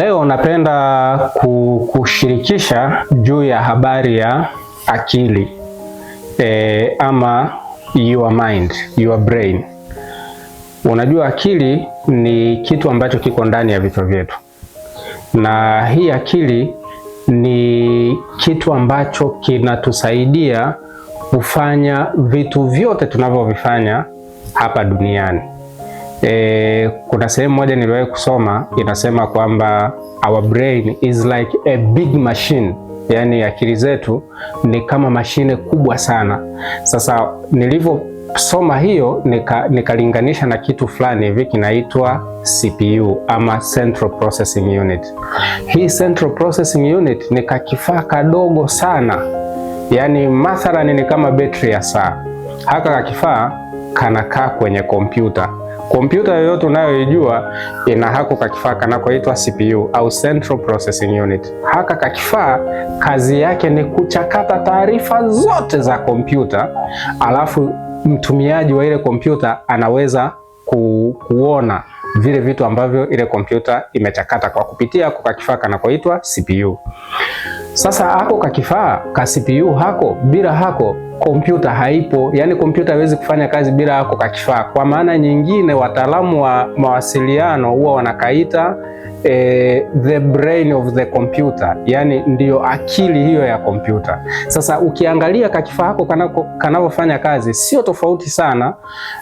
Leo napenda kushirikisha juu ya habari ya akili e, ama your mind, your brain. Unajua akili ni kitu ambacho kiko ndani ya vichwa vyetu, na hii akili ni kitu ambacho kinatusaidia kufanya vitu vyote tunavyovifanya hapa duniani. E, kuna sehemu moja niliwahi kusoma inasema kwamba our brain is like a big machine, yani akili zetu ni kama mashine kubwa sana. Sasa nilivyosoma hiyo nikalinganisha nika na kitu fulani hivi kinaitwa CPU ama Central Processing Unit. Hii Central Processing Unit ni kakifaa kadogo sana, yaani mathalani ni kama betri ya saa. Haka kakifaa kanakaa kwenye kompyuta Kompyuta yoyote unayoijua ina hako kakifaa kanakoitwa CPU au Central Processing Unit. Haka kakifaa kazi yake ni kuchakata taarifa zote za kompyuta, alafu mtumiaji wa ile kompyuta anaweza ku, kuona vile vitu ambavyo ile kompyuta imechakata kwa kupitia hako kakifaa kanakoitwa CPU. Sasa hako ka kifaa ka CPU hako, bila hako kompyuta haipo. yani kompyuta haiwezi kufanya kazi bila hako ka kifaa. Kwa maana nyingine, wataalamu wa mawasiliano huwa wanakaita eh, the brain of the computer, yani ndiyo akili hiyo ya kompyuta. Sasa ukiangalia kakifaa kifaa hako kanavyofanya kazi, sio tofauti sana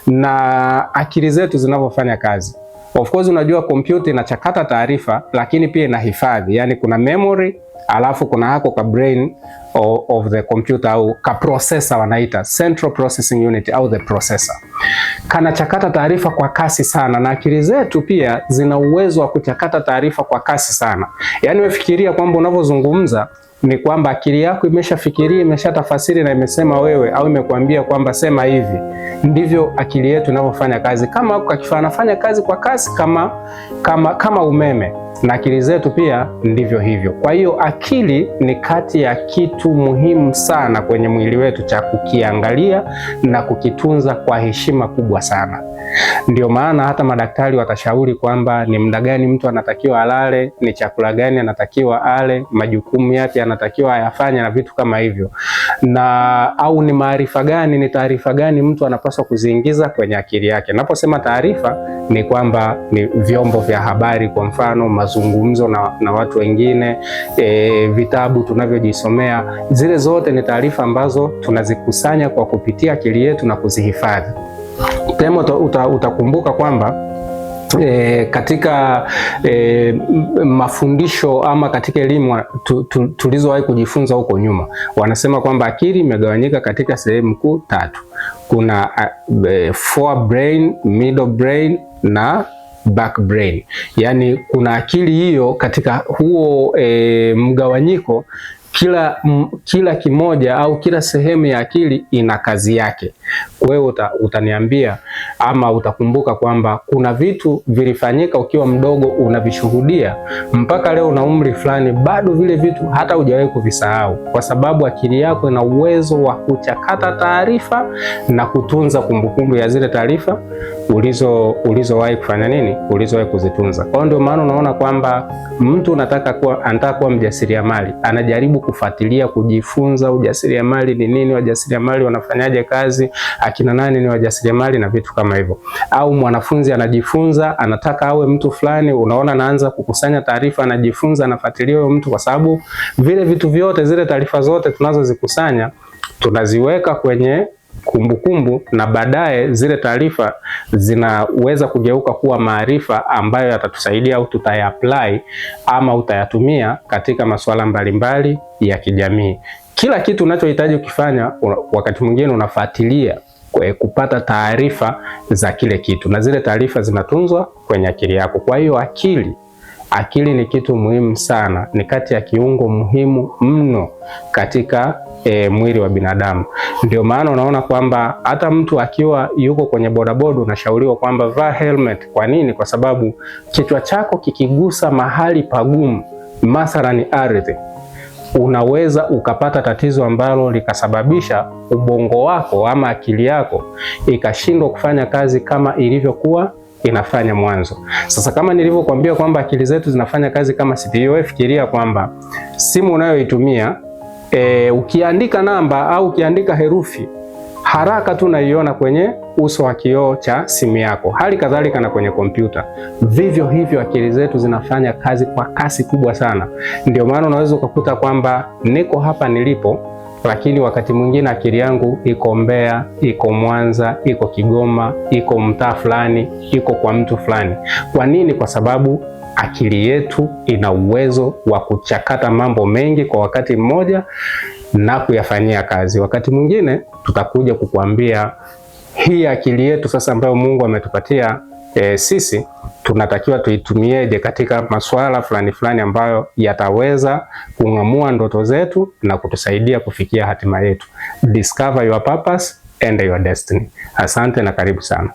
na akili zetu zinavyofanya kazi. Of course, unajua kompyuta inachakata taarifa, lakini pia inahifadhi, yani kuna memory alafu kuna hako ka brain of, the computer au ka processor wanaita central processing unit au the processor, kanachakata taarifa kwa kasi sana, na akili zetu pia zina uwezo wa kuchakata taarifa kwa kasi sana. Yaani wefikiria kwamba unavyozungumza ni kwamba akili yako imeshafikiria, tafasiri na imesema wewe au imekuambia kwamba sema hivi. Ndivyo akili yetu inavyofanya kazi, kama kakifanafanya kazi kwa kasi kama, kama, kama umeme na akili zetu pia ndivyo hivyo. Kwa hiyo akili ni kati ya kitu muhimu sana kwenye mwili wetu cha kukiangalia na kukitunza kwa heshima kubwa sana. Ndio maana hata madaktari watashauri kwamba ni muda gani mtu anatakiwa alale, ni chakula gani anatakiwa ale, majukumu yapi anatakiwa ayafanye na vitu kama hivyo, na au ni maarifa gani, ni taarifa gani mtu anapaswa kuziingiza kwenye akili yake. Naposema taarifa ni kwamba ni vyombo vya habari, kwa mfano mazungumzo na, na watu wengine e, vitabu tunavyojisomea, zile zote ni taarifa ambazo tunazikusanya kwa kupitia akili yetu na kuzihifadhi. Temo uta, utakumbuka kwamba E, katika e, mafundisho ama katika elimu tu, tu, tulizowahi kujifunza huko nyuma, wanasema kwamba akili imegawanyika katika sehemu kuu tatu. Kuna a, e, forebrain, middle brain na back brain, yaani kuna akili hiyo katika huo e, mgawanyiko kila, m, kila kimoja au kila sehemu ya akili ina kazi yake. Kwa hiyo uta, utaniambia ama utakumbuka kwamba kuna vitu vilifanyika ukiwa mdogo, unavishuhudia mpaka leo na umri fulani, bado vile vitu hata hujawahi kuvisahau, kwa sababu akili yako ina uwezo wa kuchakata taarifa na kutunza kumbukumbu ya zile taarifa ulizo ulizowahi kufanya nini, ulizowahi kuzitunza. Kwa hiyo ndio maana unaona kwamba mtu unataka kuwa anataka kuwa mjasiriamali, anajaribu kujaribu kufuatilia kujifunza ujasiriamali ni nini, wajasiriamali wanafanyaje kazi, akina nani ni wajasiriamali na vitu kama hivyo. Au mwanafunzi anajifunza, anataka awe mtu fulani, unaona anaanza kukusanya taarifa, anajifunza, anafuatilia huyo mtu, kwa sababu vile vitu vyote, zile taarifa zote tunazozikusanya tunaziweka kwenye kumbukumbu kumbu, na baadaye zile taarifa zinaweza kugeuka kuwa maarifa ambayo yatatusaidia au tutayaapply ama utayatumia katika masuala mbalimbali ya kijamii. Kila kitu unachohitaji ukifanya, wakati mwingine unafuatilia eh, kupata taarifa za kile kitu, na zile taarifa zinatunzwa kwenye akili yako. Kwa hiyo akili Akili ni kitu muhimu sana, ni kati ya kiungo muhimu mno katika e, mwili wa binadamu. Ndio maana unaona kwamba hata mtu akiwa yuko kwenye bodaboda unashauriwa kwamba vaa helmet. Kwa nini? Kwa sababu kichwa chako kikigusa mahali pagumu, mathalani ardhi, unaweza ukapata tatizo ambalo likasababisha ubongo wako ama akili yako ikashindwa kufanya kazi kama ilivyokuwa inafanya mwanzo. Sasa kama nilivyokuambia kwamba akili zetu zinafanya kazi kama CPU, fikiria kwamba simu unayoitumia e, ukiandika namba au ukiandika herufi haraka tu naiona kwenye uso wa kioo cha simu yako, hali kadhalika na kwenye kompyuta. Vivyo hivyo akili zetu zinafanya kazi kwa kasi kubwa sana. Ndio maana unaweza ukakuta kwamba niko hapa nilipo lakini wakati mwingine akili yangu iko Mbeya, iko Mwanza, iko Kigoma, iko mtaa fulani, iko kwa mtu fulani. Kwa nini? Kwa sababu akili yetu ina uwezo wa kuchakata mambo mengi kwa wakati mmoja na kuyafanyia kazi. Wakati mwingine tutakuja kukuambia hii akili yetu sasa ambayo Mungu ametupatia e, sisi tunatakiwa tuitumieje katika masuala fulani fulani ambayo yataweza kung'amua ndoto zetu na kutusaidia kufikia hatima yetu. Discover your purpose and your destiny. Asante na karibu sana.